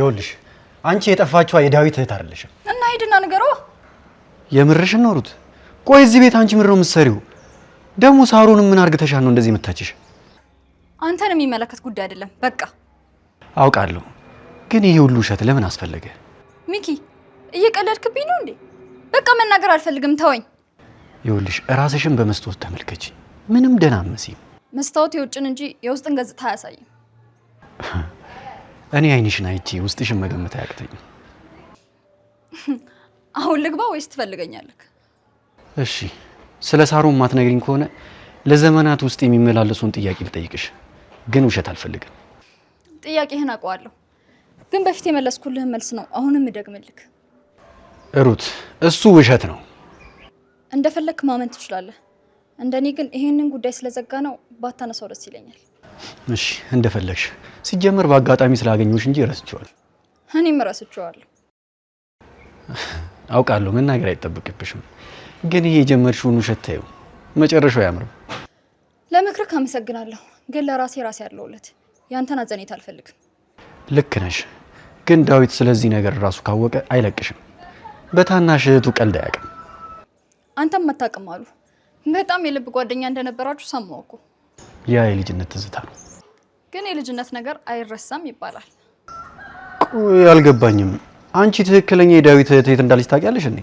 ይኸውልሽ አንቺ የጠፋችዋ የዳዊት እህት አይደለሽም። እና ሂድና ንገረው። የምርሽን ነው ሩት? ቆይ እዚህ ቤት አንቺ ምር ነው የምትሰሪው? ደግሞ ሳሩን ምን አርግተሻ ነው እንደዚህ የምታችሽ? አንተን የሚመለከት ጉዳይ አይደለም። በቃ አውቃለሁ፣ ግን ይሄ ሁሉ ውሸት ለምን አስፈለገ? ሚኪ እየቀለድክብኝ ነው እንዴ? በቃ መናገር አልፈልግም፣ ተወኝ። ይኸውልሽ እራስሽን በመስታወት ተመልከች። ምንም ደህና አትመስይም። መስታወት የውጭን እንጂ የውስጥን ገጽታ አያሳይም። እኔ አይንሽን አይቼ ውስጥሽን መገመት አያቅተኝም። አሁን ልግባ ወይስ ትፈልገኛለህ? እሺ፣ ስለ ሳሩ ማትነግሪኝ ከሆነ ለዘመናት ውስጥ የሚመላለሱን ጥያቄ ልጠይቅሽ፣ ግን ውሸት አልፈልግም። ጥያቄህን አውቀዋለሁ፣ ግን በፊት የመለስኩልህን መልስ ነው አሁንም እደግምልክ። ሩት፣ እሱ ውሸት ነው። እንደፈለግክ ማመን ትችላለህ። እንደኔ ግን ይህንን ጉዳይ ስለዘጋ ነው ባታነሳው ደስ ይለኛል። እሺ እንደፈለግሽ። ሲጀመር በአጋጣሚ ስላገኘሁሽ እንጂ ረስቼዋለሁ። እኔም ረስቼዋለሁ። አውቃለሁ መናገር አይጠበቅብሽም፣ ግን ይሄ የጀመርሽውን ውሸት ታዩ መጨረሻው አያምርም። ለምክርህ አመሰግናለሁ፣ ግን ለራሴ ራሴ ያለውለት ያንተን አዘኔት አልፈልግም። ልክ ነሽ፣ ግን ዳዊት ስለዚህ ነገር ራሱ ካወቀ አይለቅሽም። በታናሽ እህቱ ቀልድ አያውቅም። አንተም አታውቅም አሉ። በጣም የልብ ጓደኛ እንደነበራችሁ ሰማሁ እኮ ያ የልጅነት ትዝታ ነው። ግን የልጅነት ነገር አይረሳም ይባላል። ቆይ አልገባኝም። አንቺ ትክክለኛ የዳዊት እህት የት እንዳለች ታውቂያለሽ እንዴ?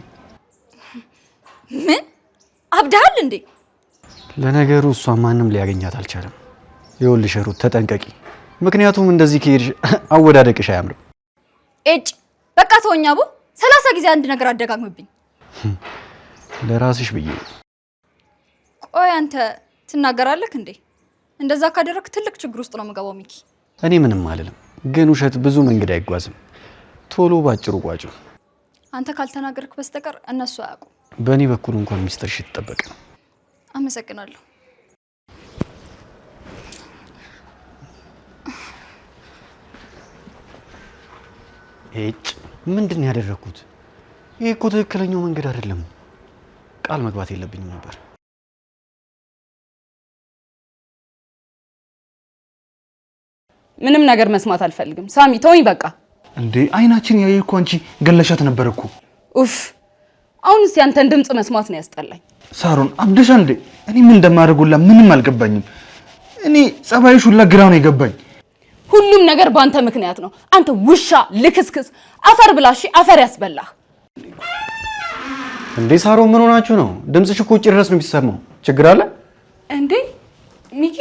ምን አብዳሃል እንዴ? ለነገሩ እሷ ማንም ሊያገኛት አልቻለም። ይኸውልሽ ሩት ተጠንቀቂ፣ ምክንያቱም እንደዚህ ከሄድሽ አወዳደቅሽ አያምርም። ኤጭ በቃ ተወኝ አቡ። ሰላሳ ጊዜ አንድ ነገር አደጋግምብኝ። ለራስሽ ብዬ። ቆይ አንተ ትናገራለህ እንዴ? እንደዛ ካደረክ ትልቅ ችግር ውስጥ ነው የምገባው ሚኪ። እኔ ምንም አልልም፣ ግን ውሸት ብዙ መንገድ አይጓዝም። ቶሎ ባጭሩ ቋጩ። አንተ ካልተናገርክ በስተቀር እነሱ አያውቁም። በእኔ በኩል እንኳን ሚስጥርሽ የተጠበቀ ነው። አመሰግናለሁ። እጭ ምንድን ነው ያደረግኩት? ይህ እኮ ትክክለኛው መንገድ አይደለም። ቃል መግባት የለብኝም ነበር። ምንም ነገር መስማት አልፈልግም። ሳሚ ተውኝ በቃ። እንዴ አይናችን ያየ እኮ አንቺ ገለሻት ነበር እኮ። ኡፍ አሁን እስቲ አንተን ድምፅ መስማት ነው ያስጠላኝ። ሳሮን አብደሻ እንዴ? እኔ ምን እንደማደርጉላ ምንም አልገባኝም። እኔ ጸባይሽ ሁላ ግራ ነው የገባኝ። ሁሉም ነገር በአንተ ምክንያት ነው። አንተ ውሻ ልክስክስ፣ አፈር ብላሽ አፈር ያስበላህ። እንዴ ሳሮን ምን ሆናችሁ ነው? ድምፅሽ እኮ ውጭ ድረስ ነው የሚሰማው። ችግር አለ እንዴ? ሚኪ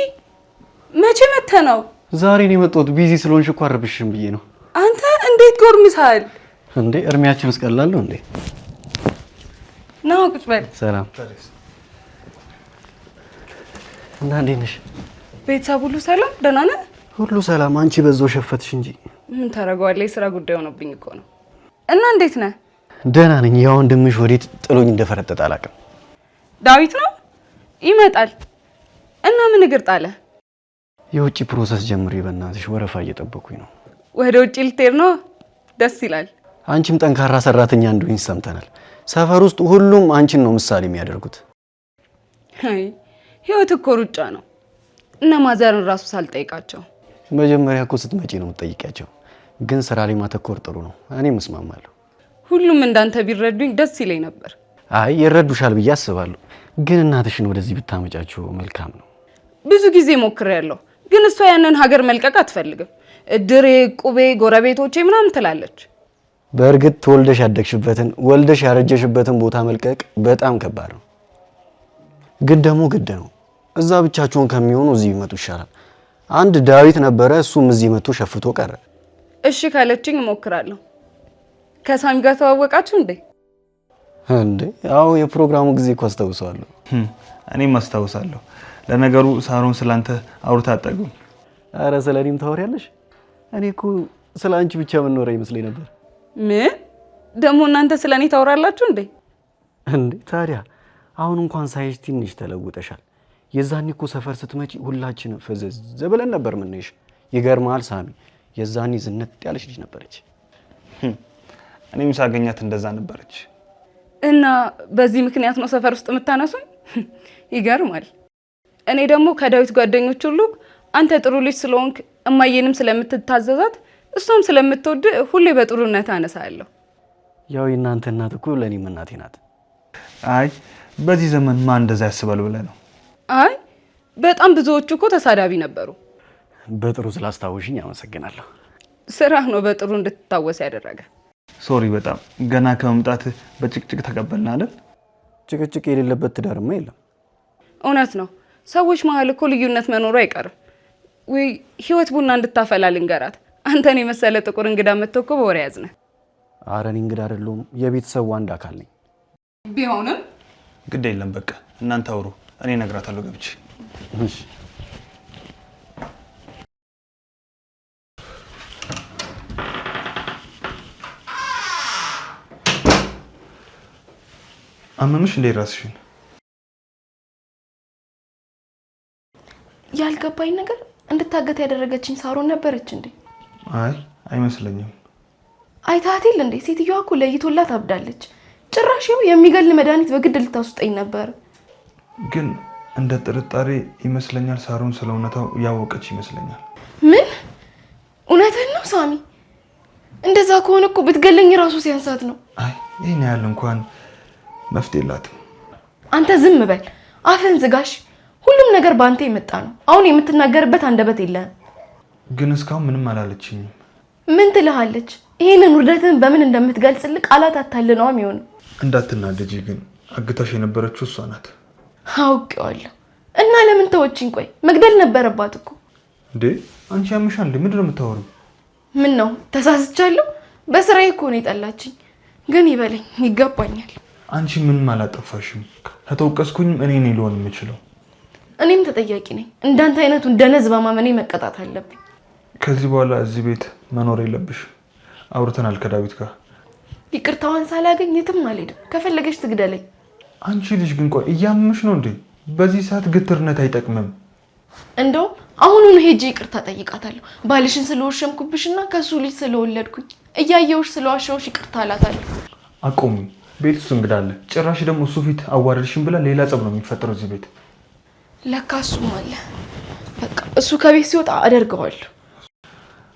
መቼ መተ ነው ዛሬ ነው የመጣሁት። ቢዚ ስለሆንሽ እኮ አረብሽም ብዬ ነው። አንተ እንዴት ጎርምሳል እንዴ? እድሜያችን እስቀላለሁ እንዴ? ነው ቁጭ በል። ሰላም እና እንዴት ነሽ? ቤተሰብ ሁሉ ሰላም? ደህና ነህ? ሁሉ ሰላም። አንቺ በዛው ሸፈትሽ እንጂ ምን ታደርገዋለህ? የስራ ጉዳይ ሆኖብኝ እኮ ነው። እና እንዴት ነህ? ደህና ነኝ። ያው ወንድምሽ ወዴት ጥሎኝ እንደፈረጠጠ አላውቅም። ዳዊት ነው ይመጣል። እና ምን እግር ጣለህ? የውጭ ፕሮሰስ ጀምሬ በእናትሽ ወረፋ እየጠበኩኝ ነው። ወደ ውጭ ልትሄድ ነው? ደስ ይላል። አንቺም ጠንካራ ሰራተኛ እንደሆንሽ ሰምተናል። ሰፈር ውስጥ ሁሉም አንቺን ነው ምሳሌ የሚያደርጉት። ህይወት እኮ ሩጫ ነው። እነ ማዘርን ራሱ ሳልጠይቃቸው መጀመሪያ እኮ ስትመጪ ነው የምትጠይቂያቸው። ግን ስራ ላይ ማተኮር ጥሩ ነው፣ እኔም እስማማለሁ። ሁሉም እንዳንተ ቢረዱኝ ደስ ይለኝ ነበር። አይ ይረዱሻል ብዬ አስባለሁ። ግን እናትሽን ወደዚህ ብታመጫቸው መልካም ነው። ብዙ ጊዜ ሞክሬያለሁ። ግን እሷ ያንን ሀገር መልቀቅ አትፈልግም። እድሬ፣ ቁቤ፣ ጎረቤቶቼ ምናምን ትላለች። በእርግጥ ተወልደሽ ያደግሽበትን ወልደሽ ያረጀሽበትን ቦታ መልቀቅ በጣም ከባድ ነው። ግን ደግሞ ግድ ነው። እዛ ብቻቸውን ከሚሆኑ እዚህ ይመጡ ይሻላል። አንድ ዳዊት ነበረ፣ እሱም እዚህ መጥቶ ሸፍቶ ቀረ። እሺ ካለችኝ እሞክራለሁ። ከሳሚ ጋር ተዋወቃችሁ እንዴ? እንዴ? አዎ፣ የፕሮግራሙ ጊዜ እኮ አስታውሰዋለሁ። እኔም አስታውሳለሁ። ለነገሩ ሳሮን ስላንተ አውርታ አጠገው አረ ስለ እኔም ታወሪያለሽ? እኔ እኮ ስለ አንቺ ብቻ የምንኖረ ይመስለኝ ነበር። ምን ደግሞ እናንተ ስለ እኔ ታወራላችሁ እንዴ? እንዴ ታዲያ አሁን እንኳን ሳይሽ ትንሽ ተለውጠሻል። የዛኔ እኮ ሰፈር ስትመጪ ሁላችንም ፈዘዝ ብለን ነበር ምንሽ። ይገርማል ሳሚ፣ የዛኔ ዝነት ያለች ልጅ ነበረች። እኔም ሳገኛት እንደዛ ነበረች። እና በዚህ ምክንያት ነው ሰፈር ውስጥ የምታነሱኝ? ይገርማል። እኔ ደግሞ ከዳዊት ጓደኞች ሁሉ አንተ ጥሩ ልጅ ስለሆንክ እማዬንም ስለምትታዘዛት እሷም ስለምትወድ ሁሌ በጥሩነት አነሳለሁ። ያው የእናንተ እናት እኮ ለእኔም እናቴ ናት። አይ በዚህ ዘመን ማን እንደዛ ያስባል ብለህ ነው? አይ በጣም ብዙዎቹ እኮ ተሳዳቢ ነበሩ። በጥሩ ስላስታወሽኝ አመሰግናለሁ። ስራ ነው በጥሩ እንድትታወስ ያደረገ። ሶሪ በጣም ገና ከመምጣት በጭቅጭቅ ተቀበልናለን። ጭቅጭቅ የሌለበት ትዳርማ የለም። እውነት ነው። ሰዎች መሀል እኮ ልዩነት መኖሩ አይቀርም። ውይ ህይወት ቡና እንድታፈላ ልንገራት። አንተን የመሰለ ጥቁር እንግዳ መጥቶ እኮ በወሬ ያዝነ። አረ እኔ እንግዳ አይደለሁም፣ የቤተሰቡ አንድ አካል ነኝ። ቢሆንም ግድ የለም በቃ እናንተ አውሩ፣ እኔ እነግራታለሁ ገብቼ። አመምሽ እንዴ ራስሽን ያልገባኝ ነገር እንድታገት ያደረገችኝ ሳሮን ነበረች እንዴ? አይ አይመስለኝም። አይታትል እንዴ? ሴትዮዋ እኮ ለይቶላት አብዳለች። ጭራሽ ይኸው የሚገል መድኃኒት በግድ ልታስውጠኝ ነበር። ግን እንደ ጥርጣሬ ይመስለኛል ሳሮን ስለ እውነታው ያወቀች ይመስለኛል። ምን? እውነትህን ነው ሳሚ? እንደዛ ከሆነ እኮ ብትገለኝ ራሱ ሲያንሳት ነው። አይ ይህን ያህል እንኳን መፍትሄ የላትም። አንተ ዝም በል አፍህን ዝጋሽ። ሁሉም ነገር በአንተ የመጣ ነው። አሁን የምትናገርበት አንደበት የለህም። ግን እስካሁን ምንም አላለችኝም። ምን ትልሃለች? ይህንን ውርደትን በምን እንደምትገልጽልህ ቃላት አታልነዋ የሚሆነው። እንዳትናደጂ፣ ግን አግታሽ የነበረችው እሷ ናት። አውቄዋለሁ። እና ለምን ተወችኝ? ቆይ መግደል ነበረባት እኮ እንዴ! አንቺ ያምሻል እንዴ? ምንድን ነው የምታወሪው? ምን ነው ተሳስቻለሁ? በስራዬ እኮ ነው የጠላችኝ። ግን ይበለኝ፣ ይገባኛል። አንቺ ምንም አላጠፋሽም። ከተወቀስኩኝም እኔ ነኝ ልሆን የምችለው እኔም ተጠያቂ ነኝ። እንዳንተ አይነቱን ደነዝ በማመኔ መቀጣት አለብኝ። ከዚህ በኋላ እዚህ ቤት መኖር የለብሽ። አውርተናል ከዳዊት ጋር። ይቅርታዋን ሳላገኝ የትም አልሄድም። ከፈለገች ትግደለኝ። አንቺ ልጅ ግን ቆይ እያምሽ ነው እንዴ? በዚህ ሰዓት ግትርነት አይጠቅምም። እንደው አሁኑኑ ሄጄ ይቅርታ ጠይቃታለሁ። ባልሽን ስለወሸምኩብሽና ከሱ ልጅ ስለወለድኩኝ እያየውሽ ስለዋሸውሽ ይቅርታ አላታለሁ። አቁሚ ቤት ውስጥ እንግዳለ ጭራሽ ደግሞ እሱ ፊት አዋረድሽን ብላ ሌላ ጸብ ነው የሚፈጠረው እዚህ ቤት ለካ እሱም አለ። በቃ እሱ ከቤት ሲወጣ አደርገዋለሁ።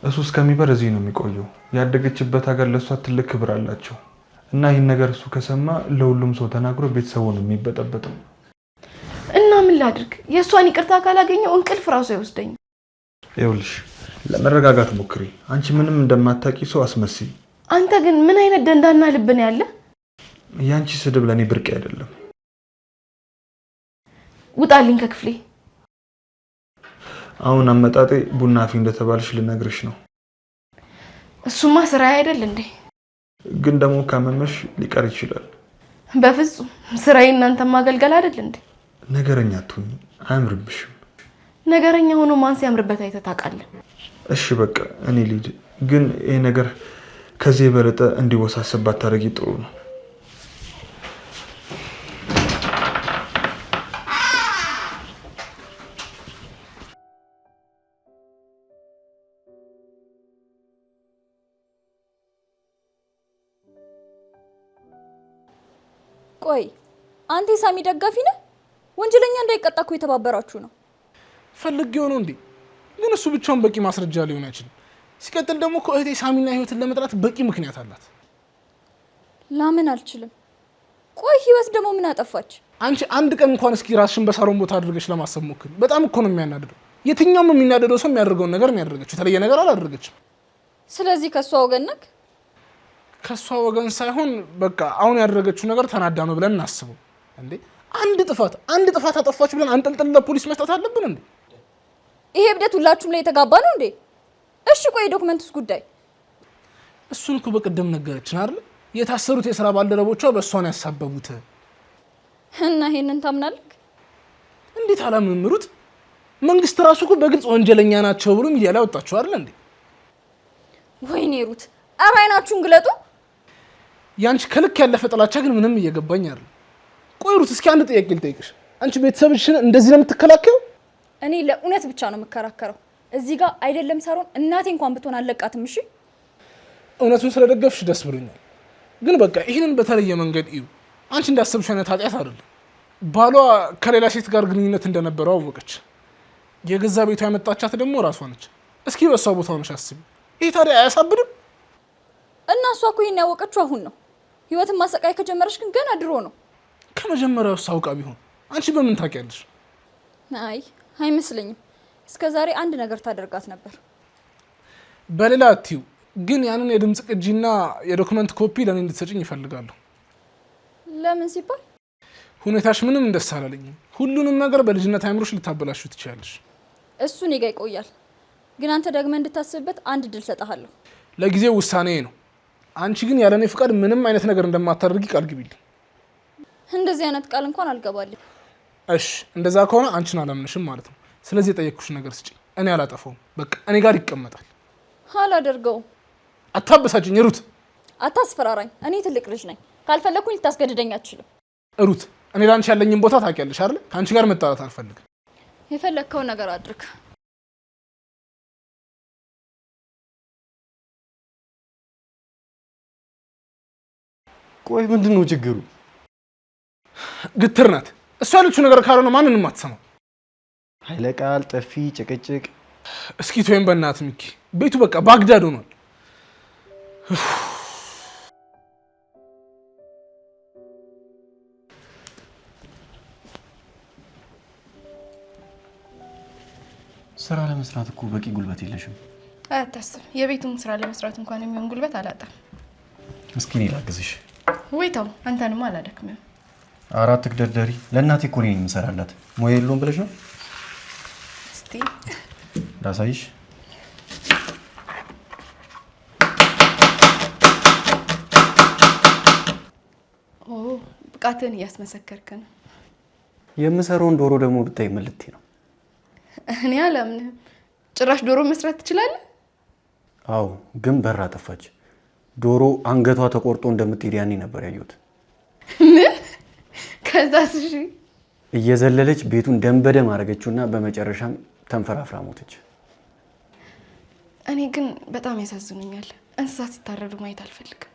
እሱ እስከሚበር እዚህ ነው የሚቆየው። ያደገችበት ሀገር ለእሷ ትልቅ ክብር አላቸው እና ይህን ነገር እሱ ከሰማ ለሁሉም ሰው ተናግሮ ቤተሰቡ ነው የሚበጠበጠው። እና ምን ላድርግ? የእሷን ይቅርታ ካላገኘው እንቅልፍ ራሱ አይወስደኝም። ይኸውልሽ ለመረጋጋት ሞክሪ። አንቺ ምንም እንደማታውቂ ሰው አስመስይ። አንተ ግን ምን አይነት ደንዳና ልብ ነው ያለ። የአንቺ ስድብ ለእኔ ብርቅ አይደለም። ውጣልኝ ከክፍሌ። አሁን አመጣጤ ቡና አፍይ እንደተባልሽ ልነግርሽ ነው። እሱማ ስራ አይደል እንዴ? ግን ደግሞ ካመመሽ ሊቀር ይችላል። በፍጹም ስራዬ እናንተ ማገልገል አይደል እንዴ? ነገረኛ አትሁኝ፣ አያምርብሽም። ነገረኛ ሆኖ ማን ሲያምርበት አይተህ ታውቃለህ? እሺ በቃ እኔ ልሂድ። ግን ይሄ ነገር ከዚህ የበለጠ እንዲወሳሰብ ባታደርጊ ጥሩ ነው። ቆይ አንተ የሳሚ ደጋፊ ነህ? ወንጀለኛ እንዳይቀጣ እኮ የተባበራችሁ ነው። ፈልጌው ነው እንዴ? ግን እሱ ብቻውን በቂ ማስረጃ ሊሆን አይችልም። ሲቀጥል ደግሞ እኮ እህቴ ሳሚና ህይወትን ለመጥላት በቂ ምክንያት አላት። ላምን አልችልም። ቆይ ህይወት ደግሞ ምን አጠፋች? አንቺ አንድ ቀን እንኳን እስኪ ራስሽን በሳሮን ቦታ አድርገች ለማሰብ ሞክሪ። በጣም እኮ ነው የሚያናድደው። የትኛውም የሚናደደው ሰው የሚያደርገውን ነገር ነው ያደረገችው። የተለየ ነገር አላደረገችም። ስለዚህ ከእሷ ወገን ከእሷ ወገን ሳይሆን በቃ አሁን ያደረገችው ነገር ተናዳ ነው ብለን እናስበው። እንዴ አንድ ጥፋት አንድ ጥፋት አጠፋች ብለን አንጠልጥል ለፖሊስ መስጠት አለብን እንዴ? ይሄ እብደት ሁላችሁም ላይ የተጋባ ነው እንዴ? እሺ ቆይ የዶክመንትስ ጉዳይ እሱን እኮ በቅድም ነገረችን አይደል? የታሰሩት የስራ ባልደረቦቿ በእሷን ያሳበቡት እና ይሄንን ታምናልክ? እንዴት አላምምሩት? መንግስት ራሱ እኮ በግልጽ ወንጀለኛ ናቸው ብሎ ሚዲያ ላይ ወጣቸው አይደል እንዴ? ወይኔ ሩት፣ ኧረ ግለጡ። ያንቺ ከልክ ያለፈ ጥላቻ ግን ምንም እየገባኝ አይደል። ቆይ ሩት፣ እስኪ አንድ ጥያቄ ልጠይቅሽ። አንቺ ቤተሰብሽን እንደዚህ ነው የምትከላከዩ? እኔ ለእውነት ብቻ ነው የምከራከረው። እዚህ ጋር አይደለም ሳሮን፣ እናቴ እንኳን ብትሆን አለቃትም። እሺ፣ እውነቱን ስለደገፍሽ ደስ ብሎኛል። ግን በቃ ይህንን በተለየ መንገድ እዩ። አንቺ እንዳሰብሽ አይነት ኃጢአት አይደለም። ባሏ ከሌላ ሴት ጋር ግንኙነት እንደነበረው አወቀች። የገዛ ቤቷ ያመጣቻት ደግሞ ራሷ ነች። እስኪ በሷ ቦታ ሆነሽ አስቢ። ይህ ታዲያ አያሳብድም? እና እሷ እኮ ይህን ያወቀችው አሁን ነው ህይወትን ማሰቃየት ከጀመረች ግን ገና ድሮ ነው። ከመጀመሪያው ሳውቃ ቢሆን አንቺ በምን ታውቂያለሽ? አይ አይመስለኝም። እስከ ዛሬ አንድ ነገር ታደርጋት ነበር። በሌላ እትዩ ግን ያንን የድምፅ ቅጂና የዶክመንት ኮፒ ለእኔ እንድትሰጭኝ ይፈልጋሉ። ለምን ሲባል ሁኔታሽ ምንም እንደስ አላለኝም። ሁሉንም ነገር በልጅነት አይምሮች ልታበላሹ ትችላለሽ። እሱ እኔ ጋ ይቆያል። ግን አንተ ደግመ እንድታስብበት አንድ እድል ሰጠሃለሁ። ለጊዜው ውሳኔ ነው። አንቺ ግን ያለኔ ፍቃድ ምንም አይነት ነገር እንደማታደርጊ ቃል ግቢልኝ። እንደዚህ አይነት ቃል እንኳን አልገባልኝ። እሺ እንደዛ ከሆነ አንቺን አላምንሽም ማለት ነው። ስለዚህ የጠየቅኩሽ ነገር ስጪ። እኔ አላጠፋውም። በቃ እኔ ጋር ይቀመጣል። አላደርገውም። አታበሳጭኝ ሩት። አታስፈራራኝ። እኔ ትልቅ ልጅ ነኝ። ካልፈለግኩኝ ልታስገድደኝ አትችልም። ሩት፣ እኔ ለአንቺ ያለኝን ቦታ ታውቂያለሽ አይደል? ከአንቺ ጋር መጣላት አልፈልግም። የፈለግከውን ነገር አድርግ። ቆይ ምንድን ነው ችግሩ? ግትር ናት እሷ ያለችው ነገር ካልሆነ ማንንም አትሰማው። ቃል፣ ጠፊ፣ ጭቅጭቅ። እስኪ ተወይም በእናትህ ሚኪ፣ ቤቱ በቃ ባግዳድ ሆኗል። ስራ ለመስራት እኮ በቂ ጉልበት የለሽም። አታስብ የቤቱን ስራ ለመስራት እንኳን የሚሆን ጉልበት አላጣም። እስኪ እኔ ላግዝሽ። ወይ ተው፣ አንተንማ አላደክምም። አራት ትግደርደሪ ለእናቴ እኮ እኔ የምሰራላት ሙያ የለውም ብለሽ ነው። እስቲ ላሳይሽ። ብቃትን እያስመሰከርክ ነው። የምሰራውን ዶሮ ደግሞ ብታይ መልቲ ነው። እኔ አላምንህም። ጭራሽ ዶሮ መስራት ትችላለህ? አዎ፣ ግን በራ ጠፋች። ዶሮ አንገቷ ተቆርጦ እንደምትሄድ ያኔ ነበር ያየሁት። ከዛ እየዘለለች ቤቱን ደንበደም አደረገችውና በመጨረሻም ተንፈራፍራ ሞተች። እኔ ግን በጣም ያሳዝኑኛል። እንስሳት ሲታረዱ ማየት አልፈልግም።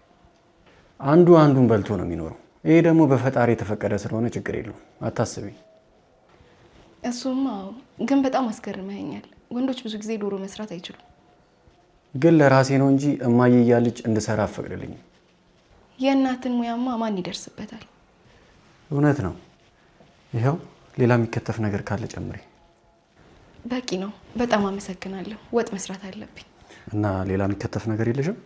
አንዱ አንዱን በልቶ ነው የሚኖረው። ይሄ ደግሞ በፈጣሪ የተፈቀደ ስለሆነ ችግር የለውም፣ አታስቢ። እሱማ ግን በጣም አስገርመኛል። ወንዶች ብዙ ጊዜ ዶሮ መስራት አይችሉም። ግን ለራሴ ነው እንጂ እማዬ እያለች እንድሰራ አፈቅድልኝ። የእናትን ሙያማ ማን ይደርስበታል? እውነት ነው። ይኸው ሌላ የሚከተፍ ነገር ካለ ጨምሪ። በቂ ነው። በጣም አመሰግናለሁ። ወጥ መስራት አለብኝ እና ሌላ የሚከተፍ ነገር የለሽም?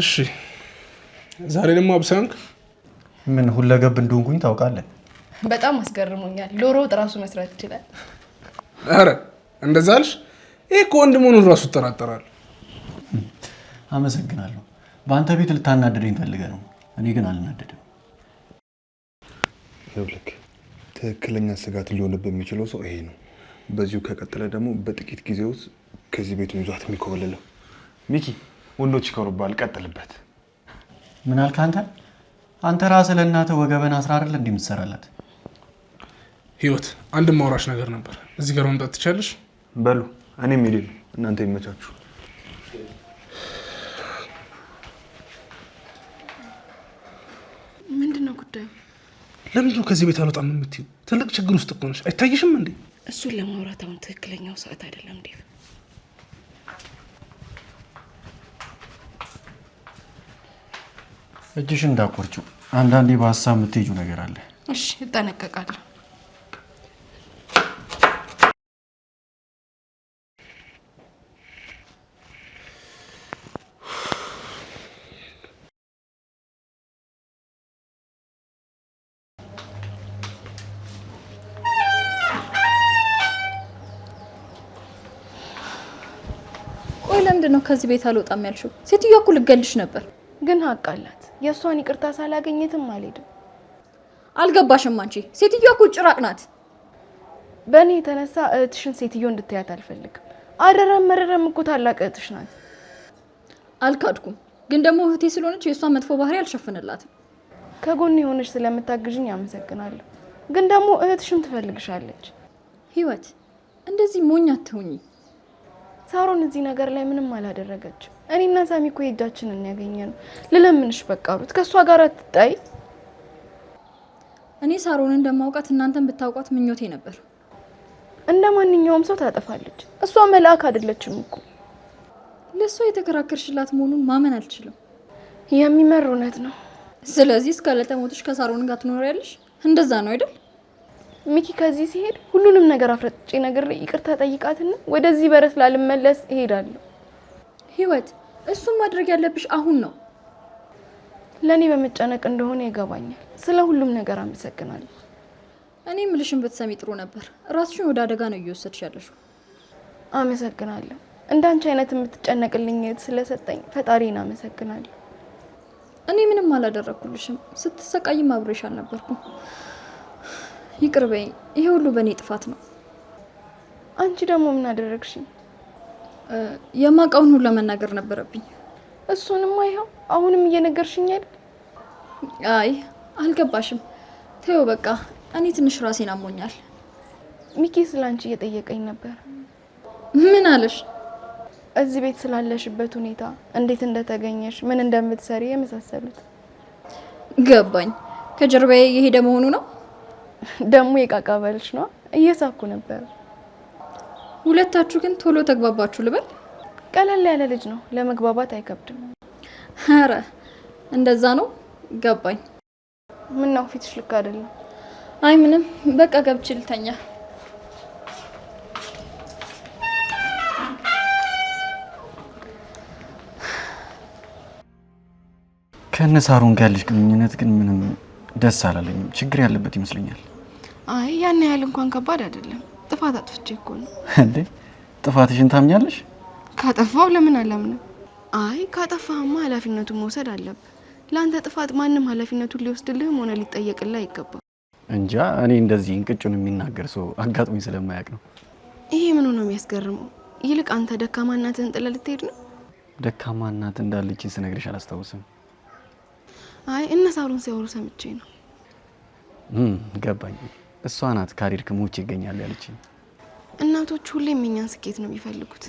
እሺ ዛሬ ደግሞ አብሰንክ ምን ሁለገብ እንደሆንኩኝ ታውቃለህ። በጣም አስገርሞኛል። ዶሮ ወጥ ራሱ መስራት ይችላል። አረ እንደዛ አልሽ? ይህ ከወንድም ሆኑን ራሱ ይጠራጠራል። አመሰግናለሁ። በአንተ ቤት ልታናደደኝ ፈልገ ነው። እኔ ግን አልናደድም። ይኸውልህ ትክክለኛ ስጋት ሊሆንብህ የሚችለው ሰው ይሄ ነው። በዚሁ ከቀጠለ ደግሞ በጥቂት ጊዜ ውስጥ ከዚህ ቤቱን ይዟት የሚኮበልለው ሚኪ፣ ወንዶች ይከሩብሃል። ቀጥልበት። ምን አልክ አንተ? አንተ ራስህ ለእናትህ ወገበን አስራ አይደለ እንዲህ ህይወት አንድ ማውራሽ ነገር ነበር። እዚህ ጋር መምጣት ትቻለሽ? በሉ እኔ ሚሄድ ነው። እናንተ ይመቻችሁ። ምንድን ነው ጉዳዩ? ለምንድን ነው ከዚህ ቤት አልወጣም የምትይው? ትልቅ ችግር ውስጥ እኮ ነሽ። አይታይሽም እንዴ? እሱን ለማውራት አሁን ትክክለኛው ሰዓት አይደለም እንዴ እጅሽ እንዳኮርችው አንዳንዴ በሀሳብ የምትሄጁ ነገር አለ። እሺ እጠነቀቃለሁ። ከዚህ ቤት አልወጣም ያልሽው? ሴትዮ እኮ ልገልሽ ነበር። ግን ሀቅ አላት። የእሷን ይቅርታ ሳላገኘትም አልሄድም። አልገባሽም አንቺ። ሴትዮ እኮ ጭራቅ ናት። በእኔ የተነሳ እህትሽን ሴትዮ እንድትያት አልፈልግም። አረረም መረረም እኮ ታላቅ እህትሽ ናት። አልካድኩም፣ ግን ደግሞ እህቴ ስለሆነች የእሷን መጥፎ ባህሪ አልሸፍንላትም። ከጎን የሆነች ስለምታግዥኝ አመሰግናለሁ። ግን ደግሞ እህትሽም ትፈልግሻለች። ህይወት፣ እንደዚህ ሞኝ አትሁኝ። ሳሮን እዚህ ነገር ላይ ምንም አላደረገችም። እኔና ሳሚ እኮ የእጃችንን ያገኘ ነው። ልለምንሽ በቃ ሩት፣ ከእሷ ጋር አትጣይ። እኔ ሳሮን እንደማውቃት እናንተን ብታውቋት ምኞቴ ነበር። እንደ ማንኛውም ሰው ታጠፋለች። እሷ መልአክ አይደለችም እኮ። ለእሷ የተከራከርሽላት መሆኑን ማመን አልችልም። የሚመር እውነት ነው። ስለዚህ እስካለጠ ሞትሽ ከሳሮን ጋር ትኖሪያለሽ። እንደዛ ነው አይደል? ሚኪ ከዚህ ሲሄድ ሁሉንም ነገር አፍረጥጬ ነገር ይቅርታ ጠይቃትና ወደዚህ በረት ላልመለስ እሄዳለሁ። ህይወት፣ እሱን ማድረግ ያለብሽ አሁን ነው። ለእኔ በመጨነቅ እንደሆነ ይገባኛል። ስለ ሁሉም ነገር አመሰግናለሁ። እኔ ምልሽን ብትሰሚ ጥሩ ነበር። ራስሽን ወደ አደጋ ነው እየወሰድሽ ያለሽ አመሰግናለሁ። እንዳንቺ አይነት የምትጨነቅልኝ እህት ስለሰጠኝ ፈጣሪን አመሰግናለሁ። እኔ ምንም አላደረግኩልሽም። ስትሰቃይም አብሬሽ አልነበርኩም። ይቅር በይኝ። ይሄ ሁሉ በእኔ ጥፋት ነው። አንቺ ደግሞ ምን አደረግሽኝ? የማውቀውን ሁሉ መናገር ነበረብኝ። እሱንም አይኸው አሁንም እየነገርሽኝ አይደል? አይ አልገባሽም። ተይው በቃ እኔ ትንሽ ራሴን አሞኛል። ሚኪ ስለ እየጠየቀኝ ነበር። ምን አለሽ? እዚህ ቤት ስላለሽበት ሁኔታ፣ እንዴት እንደተገኘሽ፣ ምን እንደምትሰሪ የመሳሰሉት። ገባኝ። ከጀርባዬ እየሄደ መሆኑ ነው ደግሞ የቃቃ በልሽ ነው። እየሳኩ ነበር። ሁለታችሁ ግን ቶሎ ተግባባችሁ ልበል? ቀለል ያለ ልጅ ነው፣ ለመግባባት አይከብድም። ኧረ እንደዛ ነው። ገባኝ። ምን ነው ፊትሽ ልክ አይደለም። አይ ምንም፣ በቃ ገብቼ ልተኛ። ከእነ ሳሮን ጋር ያለሽ ግንኙነት ግን ምንም ደስ አላለኝም። ችግር ያለበት ይመስለኛል። አይ ያን ያህል እንኳን ከባድ አይደለም። ጥፋት አጥፍቼ እኮ ነው። እንዴ ጥፋትሽን ታምኛለሽ? ካጠፋው ለምን አላምንም? አይ ካጠፋህማ ኃላፊነቱን መውሰድ አለብህ። ለአንተ ጥፋት ማንም ኃላፊነቱን ሊወስድልህም ሆነ ሊጠየቅልህ አይገባም። እንጃ እኔ እንደዚህ እንቅጩን የሚናገር ሰው አጋጥሞኝ ስለማያውቅ ነው። ይሄ ምኑ ነው የሚያስገርመው? ይልቅ አንተ ደካማ እናትህን ጥለህ ልትሄድ ነው። ደካማ እናት እንዳለችኝ ስነግርሽ አላስታውስም። አይ እነ ሳሩን ሲያወሩ ሰምቼ ነው። ገባኝ። እሷ ናት ካሪር ክሞች ይገኛሉ ያለች። እናቶች ሁሌም የእኛን ስኬት ነው የሚፈልጉት፣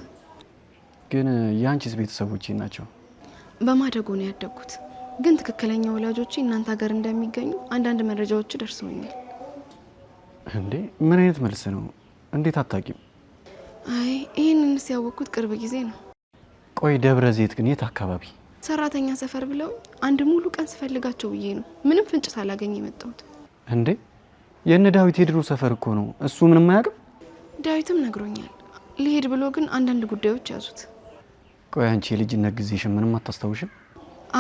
ግን የአንቺስ ቤተሰቦቼ ናቸው። በማደጎ ነው ያደጉት፣ ግን ትክክለኛ ወላጆች እናንተ ሀገር እንደሚገኙ አንዳንድ መረጃዎች ደርሰውኛል። እንዴ ምን አይነት መልስ ነው? እንዴት አታውቂም? አይ ይህንን ሲያወቅኩት ቅርብ ጊዜ ነው። ቆይ ደብረ ዘይት ግን የት አካባቢ? ሰራተኛ ሰፈር ብለው አንድ ሙሉ ቀን ስፈልጋቸው ብዬ ነው ምንም ፍንጭ ሳላገኝ የመጣሁት። እንዴ የእነ ዳዊት የድሮ ሰፈር እኮ ነው። እሱ ምንም አያውቅም። ዳዊትም ነግሮኛል። ሊሄድ ብሎ ግን አንዳንድ ጉዳዮች ያዙት። ቆይ አንቺ የልጅነት ጊዜሽን ምንም አታስታውሽም?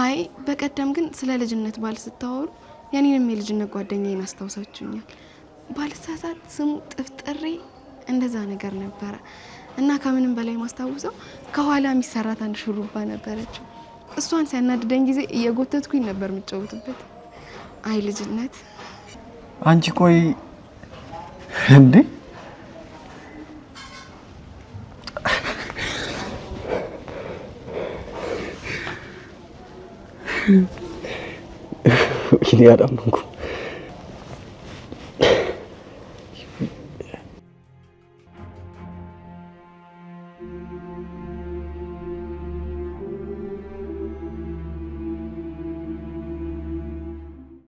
አይ በቀደም ግን ስለ ልጅነት ባል ስታወሩ የኔንም የልጅነት ጓደኛዬን አስታውሳችሁኛል። ባልሳሳት ስሙ ጥፍጥሬ እንደዛ ነገር ነበረ እና ከምንም በላይ ማስታውሰው ከኋላ የሚሰራት አንድ ሹሩባ ነበረችው። እሷን ሲያናድደኝ ጊዜ እየጎተትኩኝ ነበር የምጫወትበት። አይ ልጅነት አንቺ ቆይ እንዴ ይሄ ያዳምኩ